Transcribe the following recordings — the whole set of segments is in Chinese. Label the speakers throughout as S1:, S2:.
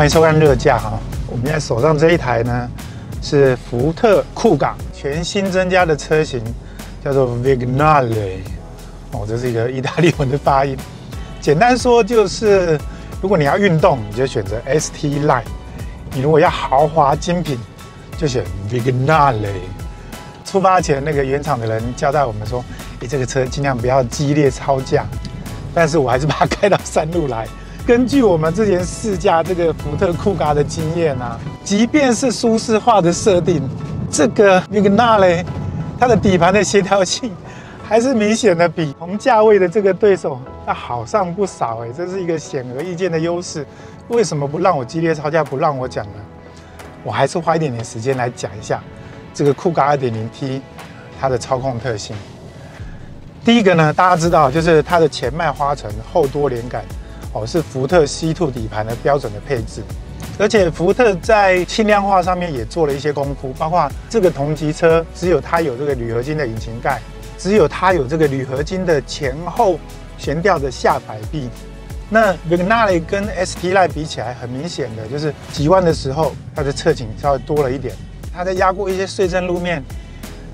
S1: 欢迎收看热驾哈！我们现在手上这一台呢，是福特酷港全新增加的车型，叫做 Vignale 哦，这是一个意大利文的发音。简单说就是，如果你要运动，你就选择 ST Line；你如果要豪华精品，就选 Vignale。出发前那个原厂的人交代我们说：“你这个车尽量不要激烈超驾。”但是我还是把它开到山路来。根据我们之前试驾这个福特酷咖的经验啊，即便是舒适化的设定，这个那个那嘞，它的底盘的协调性还是明显的比同价位的这个对手要好上不少哎，这是一个显而易见的优势。为什么不让我激烈吵架，不让我讲呢？我还是花一点点时间来讲一下这个酷咖 2.0T 它的操控特性。第一个呢，大家知道就是它的前麦花臣后多连杆。哦，是福特 c t o 底盘的标准的配置，而且福特在轻量化上面也做了一些功夫，包括这个同级车只有它有这个铝合金的引擎盖，只有它有这个铝合金的前后悬吊的下摆臂。那 Vignale 跟 ST Line 比起来，很明显的就是几万的时候它的侧倾稍微多了一点，它在压过一些碎震路面，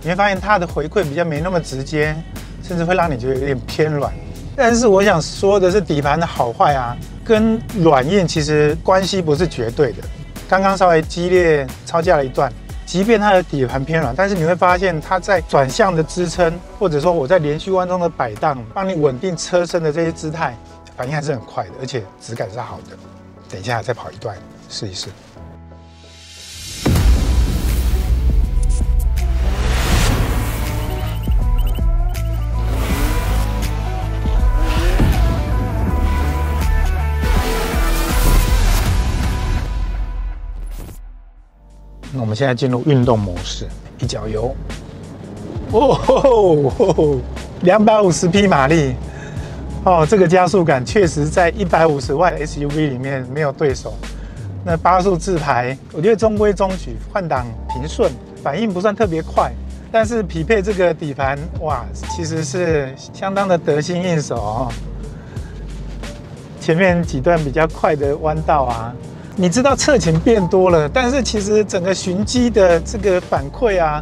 S1: 你会发现它的回馈比较没那么直接，甚至会让你觉得有点偏软。但是我想说的是，底盘的好坏啊，跟软硬其实关系不是绝对的。刚刚稍微激烈超价了一段，即便它的底盘偏软，但是你会发现它在转向的支撑，或者说我在连续弯中的摆荡，帮你稳定车身的这些姿态，反应还是很快的，而且质感是好的。等一下再跑一段试一试。我们现在进入运动模式，一脚油，哦，吼，两百五十匹马力，哦，这个加速感确实在一百五十万 SUV 里面没有对手。那八速自排，我觉得中规中矩，换挡平顺，反应不算特别快，但是匹配这个底盘，哇，其实是相当的得心应手。哦。前面几段比较快的弯道啊。你知道侧倾变多了，但是其实整个寻迹的这个反馈啊，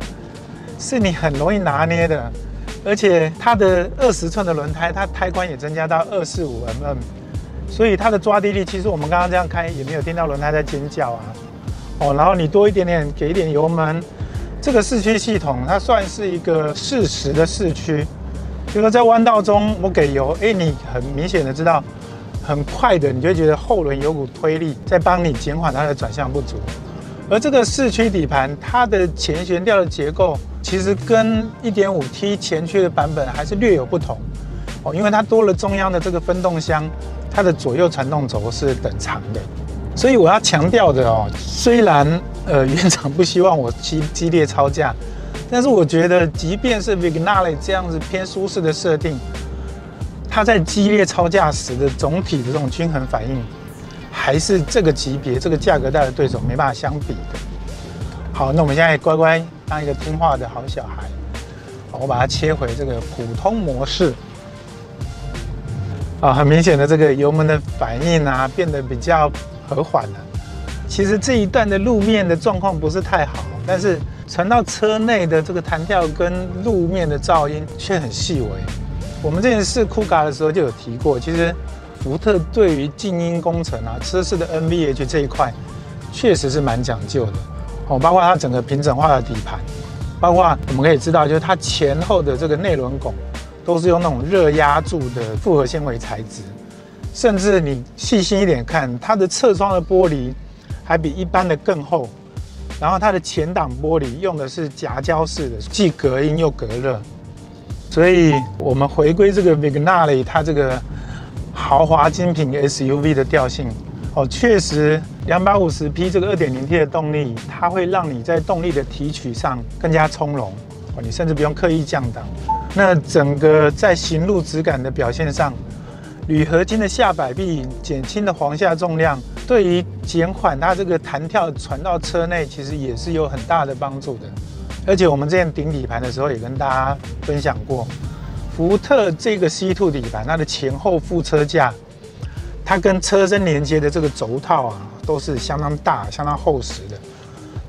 S1: 是你很容易拿捏的，而且它的二十寸的轮胎，它胎宽也增加到二四五 mm，所以它的抓地力，其实我们刚刚这样开也没有听到轮胎在尖叫啊。哦，然后你多一点点给一点油门，这个四驱系统它算是一个适时的四驱，就说在弯道中我给油，哎，你很明显的知道。很快的，你就觉得后轮有股推力在帮你减缓它的转向不足。而这个四驱底盘，它的前悬吊的结构其实跟 1.5T 前驱的版本还是略有不同哦，因为它多了中央的这个分动箱，它的左右传动轴是等长的。所以我要强调的哦，虽然呃原厂不希望我激激烈超价，但是我觉得即便是 Vignale 这样子偏舒适的设定。它在激烈超驾时的总体的这种均衡反应，还是这个级别、这个价格带的对手没办法相比的。好，那我们现在乖乖当一个听话的好小孩。我把它切回这个普通模式。啊，很明显的这个油门的反应啊，变得比较和缓了。其实这一段的路面的状况不是太好，但是传到车内的这个弹跳跟路面的噪音却很细微。我们之前试酷咖的时候就有提过，其实福特对于静音工程啊、车室的 NVH 这一块，确实是蛮讲究的哦。包括它整个平整化的底盘，包括我们可以知道，就是它前后的这个内轮拱都是用那种热压铸的复合纤维材质。甚至你细心一点看，它的侧窗的玻璃还比一般的更厚，然后它的前挡玻璃用的是夹胶式的，既隔音又隔热。所以，我们回归这个 Vignale，它这个豪华精品 SUV 的调性哦，确实，两百五十匹这个二点零 T 的动力，它会让你在动力的提取上更加从容哦，你甚至不用刻意降档。那整个在行路质感的表现上，铝合金的下摆臂减轻的簧下重量，对于减缓它这个弹跳传到车内，其实也是有很大的帮助的。而且我们之前顶底盘的时候也跟大家分享过，福特这个 c Two 底盘，它的前后副车架，它跟车身连接的这个轴套啊，都是相当大、相当厚实的。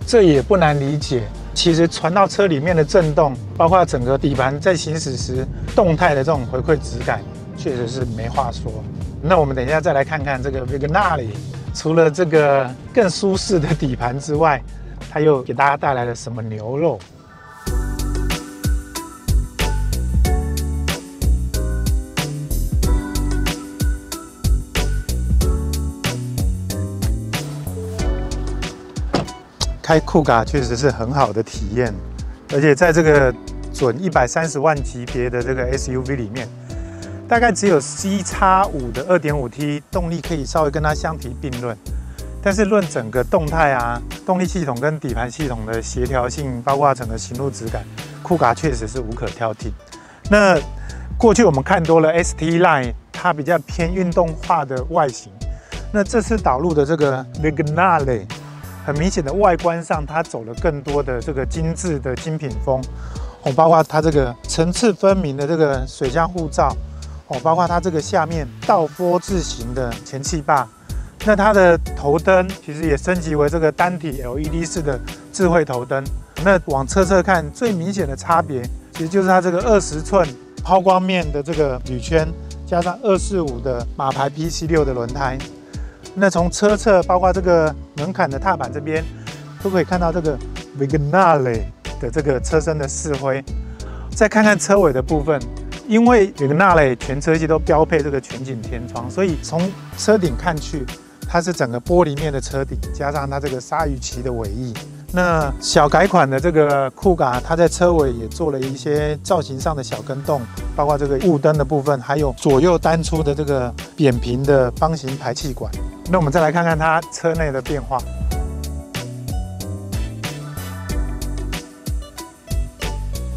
S1: 这也不难理解，其实传到车里面的震动，包括整个底盘在行驶时动态的这种回馈质感，确实是没话说。那我们等一下再来看看这个维格纳里，除了这个更舒适的底盘之外。他又给大家带来了什么牛肉？开酷咖确实是很好的体验，而且在这个准一百三十万级别的这个 SUV 里面，大概只有 C x 五的二点五 T 动力可以稍微跟它相提并论。但是论整个动态啊，动力系统跟底盘系统的协调性，包括整个行路质感，酷卡确实是无可挑剔。那过去我们看多了 ST Line，它比较偏运动化的外形。那这次导入的这个 Regina l 嘞，很明显的外观上，它走了更多的这个精致的精品风。哦，包括它这个层次分明的这个水箱护罩。哦，包括它这个下面倒波字形的前气坝。那它的头灯其实也升级为这个单体 LED 式的智慧头灯。那往车侧看，最明显的差别其实就是它这个二十寸抛光面的这个铝圈，加上二四五的马牌 PC 六的轮胎。那从车侧，包括这个门槛的踏板这边，都可以看到这个 Vignale 的这个车身的饰灰。再看看车尾的部分，因为 Vignale 全车系都标配这个全景天窗，所以从车顶看去。它是整个玻璃面的车顶，加上它这个鲨鱼鳍的尾翼。那小改款的这个酷咖，它在车尾也做了一些造型上的小跟动，包括这个雾灯的部分，还有左右单出的这个扁平的方形排气管。那我们再来看看它车内的变化。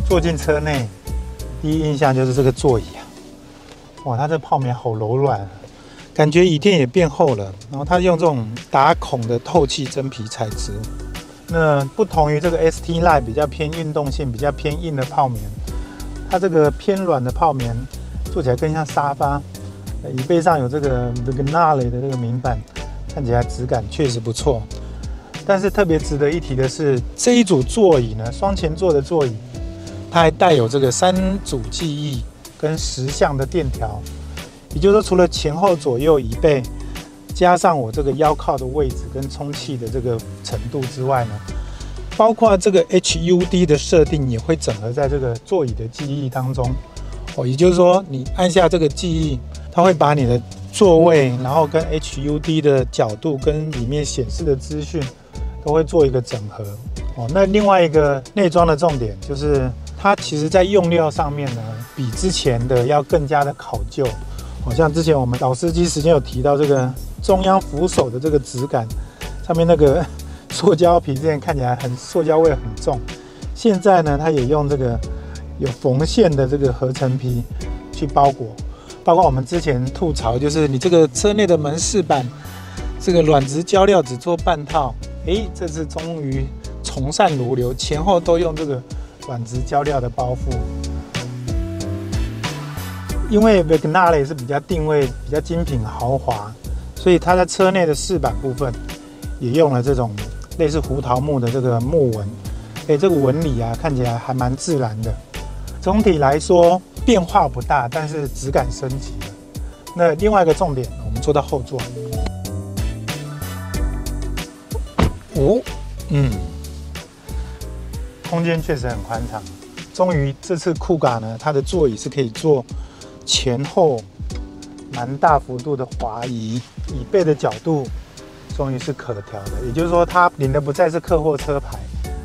S1: 坐进车内，第一印象就是这个座椅啊，哇，它这泡棉好柔软。感觉椅垫也变厚了，然后它用这种打孔的透气真皮材质。那不同于这个 ST Line 比较偏运动性、比较偏硬的泡棉，它这个偏软的泡棉坐起来更像沙发。椅背上有这个 n a l e 的这个名板，看起来质感确实不错。但是特别值得一提的是，这一组座椅呢，双前座的座椅，它还带有这个三组记忆跟十项的电调。也就是说，除了前后左右椅背，加上我这个腰靠的位置跟充气的这个程度之外呢，包括这个 HUD 的设定也会整合在这个座椅的记忆当中。哦，也就是说，你按下这个记忆，它会把你的座位，然后跟 HUD 的角度跟里面显示的资讯都会做一个整合。哦，那另外一个内装的重点就是，它其实在用料上面呢，比之前的要更加的考究。好像之前我们老司机时间有提到这个中央扶手的这个质感，上面那个 塑胶皮，之前看起来很塑胶味很重。现在呢，它也用这个有缝线的这个合成皮去包裹。包括我们之前吐槽，就是你这个车内的门饰板，这个软质胶料只做半套。哎，这次终于从善如流，前后都用这个软质胶料的包覆。因为 v i g n a l e 是比较定位比较精品豪华，所以它在车内的饰板部分也用了这种类似胡桃木的这个木纹，哎，这个纹理啊看起来还蛮自然的。总体来说变化不大，但是质感升级了。那另外一个重点，我们坐到后座，五，嗯，空间确实很宽敞。终于这次酷咖呢，它的座椅是可以坐。前后蛮大幅度的滑移，椅背的角度终于是可调的，也就是说，它领的不再是客货车牌，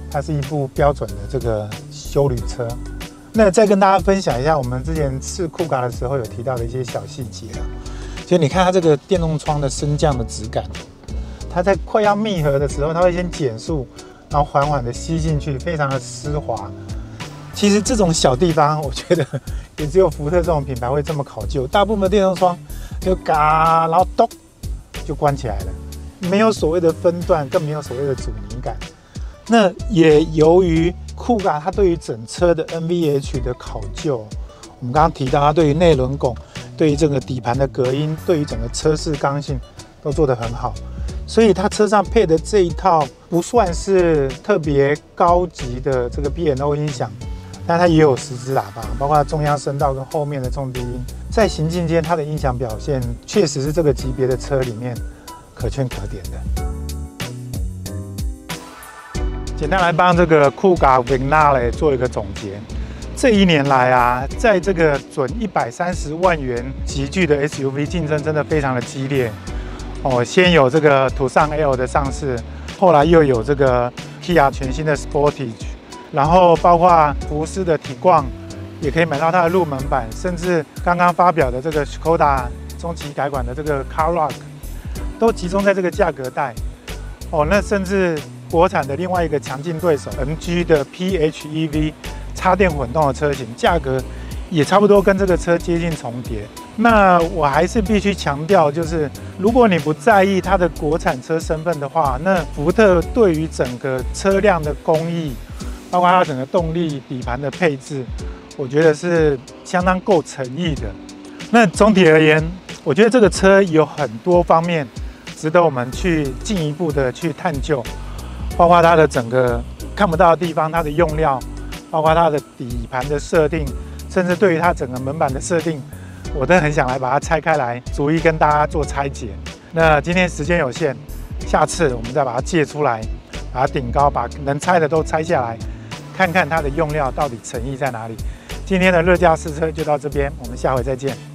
S1: 它是一部标准的这个修旅车。那再跟大家分享一下，我们之前试酷咖的时候有提到的一些小细节啊，就你看它这个电动窗的升降的质感，它在快要密合的时候，它会先减速，然后缓缓的吸进去，非常的丝滑。其实这种小地方，我觉得 也只有福特这种品牌会这么考究。大部分电动窗就嘎，然后咚就关起来了，没有所谓的分段，更没有所谓的阻尼感。那也由于酷感，它对于整车的 NVH 的考究，我们刚刚提到它对于内轮拱、对于整个底盘的隔音、对于整个车室刚性都做得很好，所以它车上配的这一套不算是特别高级的这个 B&O 音响。但它也有十支喇叭，包括中央声道跟后面的重低音，在行进间它的音响表现确实是这个级别的车里面可圈可点的。简单来帮这个酷咖 Vignale 做一个总结，这一年来啊，在这个准一百三十万元级距的 SUV 竞争真的非常的激烈哦，先有这个途尚 L 的上市，后来又有这个 Kia 全新的 Sportage。然后包括福斯的提况，也可以买到它的入门版，甚至刚刚发表的这个 Skoda 中期改款的这个 c a r r o c k 都集中在这个价格带。哦，那甚至国产的另外一个强劲对手 MG 的 PHEV 插电混动的车型，价格也差不多跟这个车接近重叠。那我还是必须强调，就是如果你不在意它的国产车身份的话，那福特对于整个车辆的工艺。包括它整个动力底盘的配置，我觉得是相当够诚意的。那总体而言，我觉得这个车有很多方面值得我们去进一步的去探究。包括它的整个看不到的地方，它的用料，包括它的底盘的设定，甚至对于它整个门板的设定，我都很想来把它拆开来，逐一跟大家做拆解。那今天时间有限，下次我们再把它借出来，把它顶高，把能拆的都拆下来。看看它的用料到底诚意在哪里？今天的热价试车就到这边，我们下回再见。